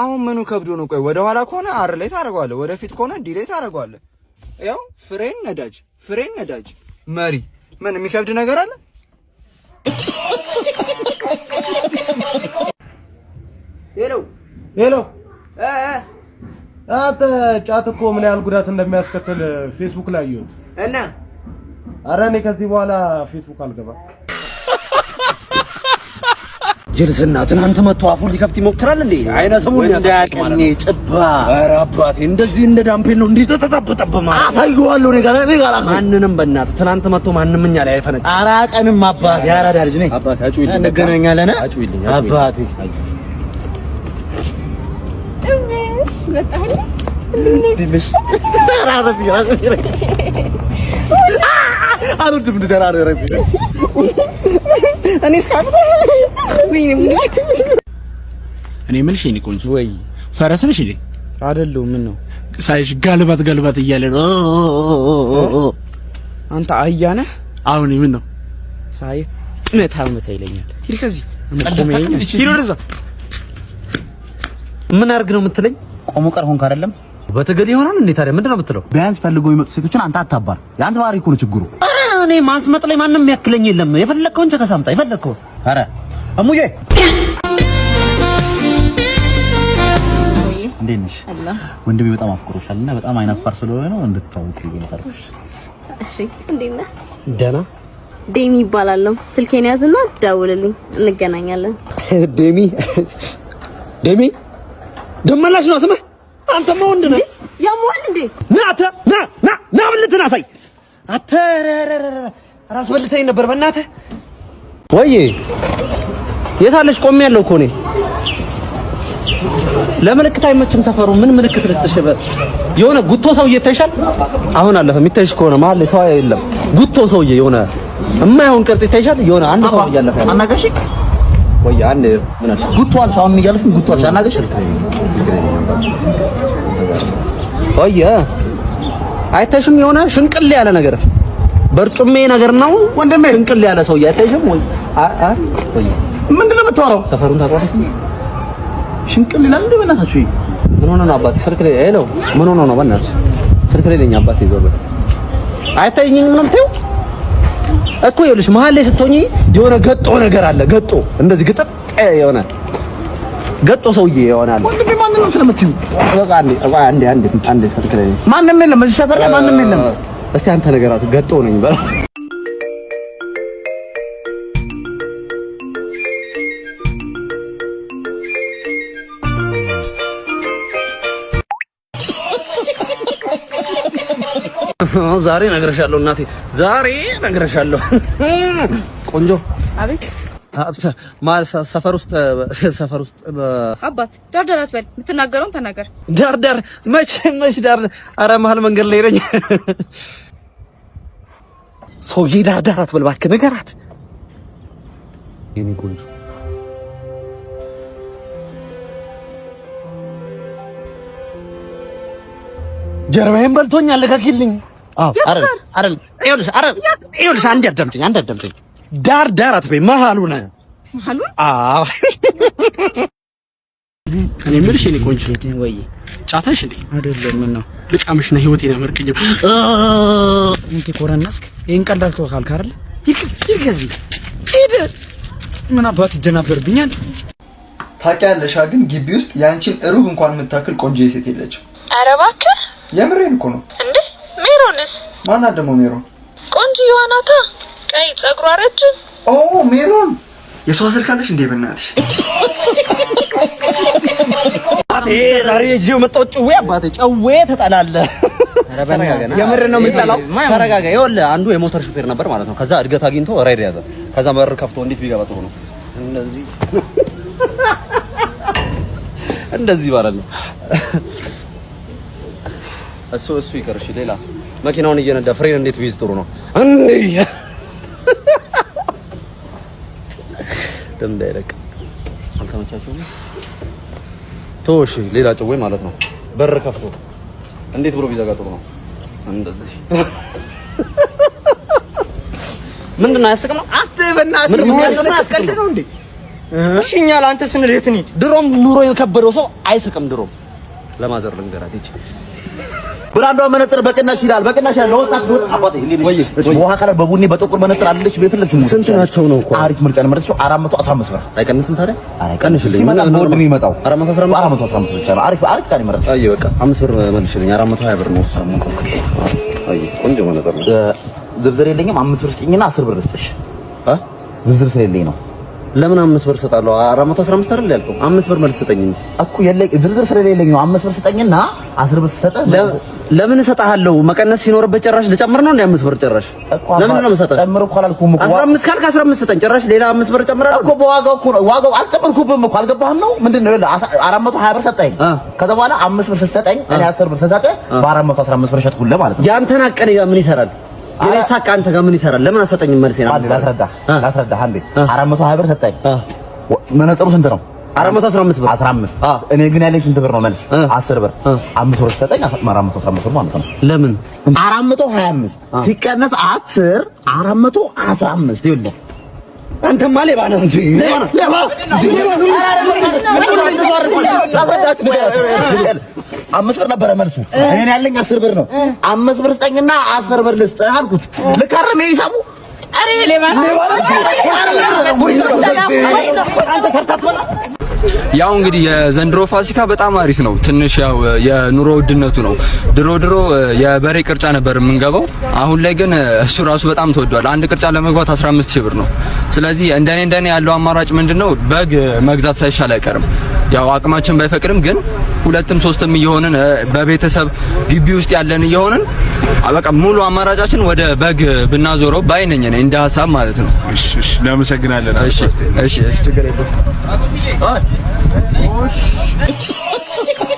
አሁን ምኑ ከብዶ ነው? ቆይ ወደኋላ ከሆነ አር ላይ ታደርገዋለህ፣ ወደፊት ከሆነ ዲ ላይ ታደርገዋለህ። ያው ፍሬን ነዳጅ፣ ፍሬን ነዳጅ፣ መሪ። ምን የሚከብድ ነገር አለ? ሄሎ ሄሎ። አንተ ጫት እኮ ምን ያህል ጉዳት እንደሚያስከትል ፌስቡክ ላይ አየሁት እና አረ እኔ ከዚህ በኋላ ፌስቡክ አልገባም። ጅልስና ትናንት መጥቶ አፉን ሊከፍት ይሞክራል እንዴ? አይነ ሰሙን እንዳያቀኔ ጭባ ኧረ አባቴ እንደዚህ እንደ ዳምፔል ነው እንዴ? ተተጣበጠበ ማለት አሳየዋለሁ። እኔ ጋር እኔ ጋር ማንንም በእናትህ ትናንት መጥቶ ማንም እኛ ላይ አይፈነጭ። አራቀንም አባቴ ያራዳ ልጅ ነኝ አባቴ። አጩይልኝ እንገናኛለን። አጩይልኝ አባቴ። እሺ መጣልኝ እንዴ? አልወድም እንድደራረረብ እኔ እኔ የምልሽ የእኔ ቆንጆ ወይ ፈረስ ነሽ እንዴ? አይደለሁም። ምን ነው ሳይሽ ጋልባት ጋልባት እያለ ነው። አንተ አህያ ነህ። አሁን ምን ነው ሳይ መታ መታ ይለኛል። ሂድ ከዚህ ምን አርግ ነው የምትለኝ? ቆሞ ቀር ሆንክ አይደለም በትግል ይሆናል እንዴ ታዲያ? ምንድነው የምትለው? ቢያንስ ፈልጎ የሚመጡ ሴቶችን አንተ አታባር። የአንተ ባህሪ እኮ ነው ችግሩ። እኔ ማስመጥ ላይ ማንም የሚያክለኝ የለም። የፈለግከውን ቸከስ አምጣ፣ የፈለግከውን። ኧረ እሙዬ እንዴት ነሽ? ወንድሜ በጣም አፍቅሮሻል እና በጣም አይናፋር ስለሆነ ነው እንድትታወቁ ይፈልኩሽ። እሺ እንዴት ነህ? ደህና ዴሚ ይባላለሁ። ስልኬን ያዝና ደውልልኝ፣ እንገናኛለን። ዴሚ ዴሚ ደመላሽ ነው ስምህ አንተማ ወንድ ነህ። ያሟል እንዴ? ና አተ ና ና ና ብልትን አሳይ። አተ ራስ በልተኝ ነበር በእናትህ። ወይዬ የታለሽ? ቆሜ ያለው እኮ እኔ ለምልክት አይመችም ሰፈሩ። ምን ምልክት ልስጥሽ? የሆነ ጉቶ ሰውዬ ይታይሻል? አሁን አለፈ። የሚታይሽ ከሆነ መሀል ሰው የለም። ጉቶ ሰውዬ የሆነ የማይሆን ቅርጽ ይታይሻል? የሆነ አንድ ሰው እያለፈ አናጋሽ። ወይ አንድ ጉቶ አልሽ። አሁን እያለፍን ጉቶ አልሽ። አናጋሽ አይተሽም የሆነ ሽንቅል ያለ ነገር በርጩሜ ነገር ነው ወንድሜ። ሽንቅል ያለ ሰው አይተሽም ወይ? ምንድን ነው የምታወራው? ሰፈሩን ታውቀዋለሽ? ሽንቅል ይላል እንዴ? በእናታችሁ ምን ሆነ ነው አባቴ? ስልክ ላይ ሄሎ፣ ምን ሆነ ነው በእናትህ? ስልክ ላይ ነኝ አባቴ። ዞር በል አይታየኝም ነው የምትይው እኮ። ይኸውልሽ መሀል ላይ ስትሆኚ የሆነ ገጦ ነገር አለ። ገጦ እንደዚህ ግጥጥ የሆነ ገጦ ሰውዬ ይሆናል። ወንድሜ ማንንም ስለምትዩ በቃ አንዴ ማንም የለም እዚህ ሰፈር ላይ ማንም የለም። እስቲ አንተ ነገራት ገጦ ነኝ በል ዛሬ እነግርሻለሁ እናቴ፣ ዛሬ እነግርሻለሁ ቆንጆ አቤት ሰፈር ውስጥ ሰፈር ውስጥ አባት ዳርዳር አትበል፣ የምትናገረውን ተናገር። ዳርዳር መች መች ዳር መሀል መንገድ ላይ ነኝ። ሰውዬ ዳርዳር አትበል እባክህ፣ ነገራት። ጀርባዬን አረ አረ ይኸውልሽ፣ አረ ይኸውልሽ፣ አንዴ አዳምጪኝ፣ አንዴ አዳምጪኝ ዳር ዳር አትበይ፣ መሀሉ ነህ። አዎ እኔ የምልሽ የእኔ ቆንጆ ወይ ጫተሽ እንዴ? አይደለም። ምን ነው ልቃምሽ ነው ህይወቴን ያመርቅኝ። እንዴ ኮረናስክ ይሄን ቀልድ አልተወካል ካርል ይቅር ይገዚ ሄደ ምን አባት ይደናበርብኛል። ታውቂያለሽ፣ ግን ግቢ ውስጥ ያንቺን ሩብ እንኳን የምታክል ቆንጆ ሴት የለችም። ኧረ እባክህ የምሬን እኮ ነው። እንዴ ሜሮንስ? ማናት ደግሞ ሜሮን? ቆንጆ ይዋናታ ቀይ ጸጉሯ ረጅም። ኦ ሜሮን የሰው ስልክ አለሽ እንዴ? በእናትሽ አባቴ ዛሬ እዚህ መጣው። ጭዌ አባቴ ጭዌ ተጠላለህ። የምር ነው የምጠላው። ተረጋጋ። ይኸውልህ አንዱ የሞተር ሹፌር ነበር ማለት ነው። ከዛ እድገት አግኝቶ ራይድ ያዘ። ከዛ በር ከፍቶ እንዴት ቢገባ ጥሩ ነው እንደዚህ እንደዚህ ማለት ነው። እሱ እሱ ይቀርሽ። ሌላ መኪናውን እየነዳ ፍሬን እንዴት ቢይዝ ጥሩ ነው እንዴ ደም እንዳይለቅ አልተመቻቸውም። ቶሽ ሌላ ጭወይ ማለት ነው። በር ከፍቶ እንዴት ብሎ ቢዘጋ ጥሩ ነው። እንደዚህ ምንድን ነው አያስቅም? እኛ ለአንተ ስንል የት እንሂድ? ድሮም ኑሮ የከበደው ሰው አይስቅም። ድሮም ለማዘር ልንገራት ይችላል ብራንዷ መነጽር በቅናሽ ይላል። በቅናሽ ያለ ወጣት ነው። አባቴ ውሃ ካለ በቡኒ በጥቁር መነጽር አለች። ቤፍልክ ስንት ናቸው ነው? እኮ አሪፍ ምርጫ ነው። መረጥሽው 415 ብር አይቀንስም። ታዲያ አይቀንስልኝ ምን ነው ወድ የሚመጣው 415 415 ብቻ ነው። አሪፍ አሪፍ ካለ መረጥሽ። አይ በቃ 5 ብር መልሽልኝ። 420 ብር ነው እሱ። አይ ቆንጆ መነጽር ነው። ዝርዝር የለኝም። 5 ብር ስጭኝና 10 ብር አ ዝርዝር ስለሌለኝ ነው ለምን አምስት ብር እሰጣለሁ? 415 አይደል ያልከው? አምስት ብር መልስ ስጠኝ እንጂ እኮ የለኝ ዝርዝር ስለሌለኝ ነው። አምስት ብር ስጠኝና አስር ብር ስሰጥህ ለምን እሰጥሃለሁ? መቀነስ ሲኖርበት ጨራሽ ልጨምር ነው እንዴ? አምስት ብር ጨራሽ ለምን ነው የምሰጥህ? ጨምር እኮ አላልኩም እኮ 15 ካልክ 15 ስጠኝ። ጨራሽ ሌላ አምስት ብር ጨምራለሁ እኮ በዋጋው እኮ ነው። ዋጋው አልጨመርኩብህም እኮ አልገባህም ነው ምንድን ነው? 420 ብር ሰጠኝ። ከዛ በኋላ አምስት ብር ስትሰጠኝ እኔ አስር ብር ስሰጥህ በ415 ብር ሸጥኩልህ ማለት ነው። ያንተን አቀኔ ምን ይሰራል? የላይ ሳቅ አንተ ጋር ምን ይሰራል? ለምን አሰጠኝም? መልስ ነው ማለት ላስረዳ ላስረዳ። አንዴ 420 ብር ሰጠኝ። መነጽሩ ስንት ነው? 415 ብር 15። እኔ ግን ያለኝ ስንት ብር ነው? መልስ 10 ብር 5 ብር ሰጠኝ። 415 ብር ማለት ነው። ለምን 425 ሲቀነስ 10 415 ይኸውልህ አንተማ ሌባ ነህ። አምስት ብር ነበረ መልሱ። እኔ ያለኝ አስር ብር ነው። አምስት ብር ስጠኝና አስር ብር ልስጥህ አልኩት። ልከርም ይሳቡ ሌባ ያው እንግዲህ የዘንድሮ ፋሲካ በጣም አሪፍ ነው። ትንሽ ያው የኑሮ ውድነቱ ነው። ድሮ ድሮ የበሬ ቅርጫ ነበር የምንገባው። አሁን ላይ ግን እሱ ራሱ በጣም ተወዷል። አንድ ቅርጫ ለመግባት 15 ሺህ ብር ነው። ስለዚህ እንደኔ እንደኔ ያለው አማራጭ ምንድነው? በግ መግዛት ሳይሻል አይቀርም። ያው አቅማችን ባይፈቅድም ግን ሁለትም ሶስትም እየሆንን በቤተሰብ ግቢ ውስጥ ያለን እየሆንን በቃ ሙሉ አማራጫችን ወደ በግ ብናዞረው ባይነኝ እንደ ሀሳብ ማለት ነው። እሺ እሺ፣ እናመሰግናለን። እሺ እሺ እሺ Oxi.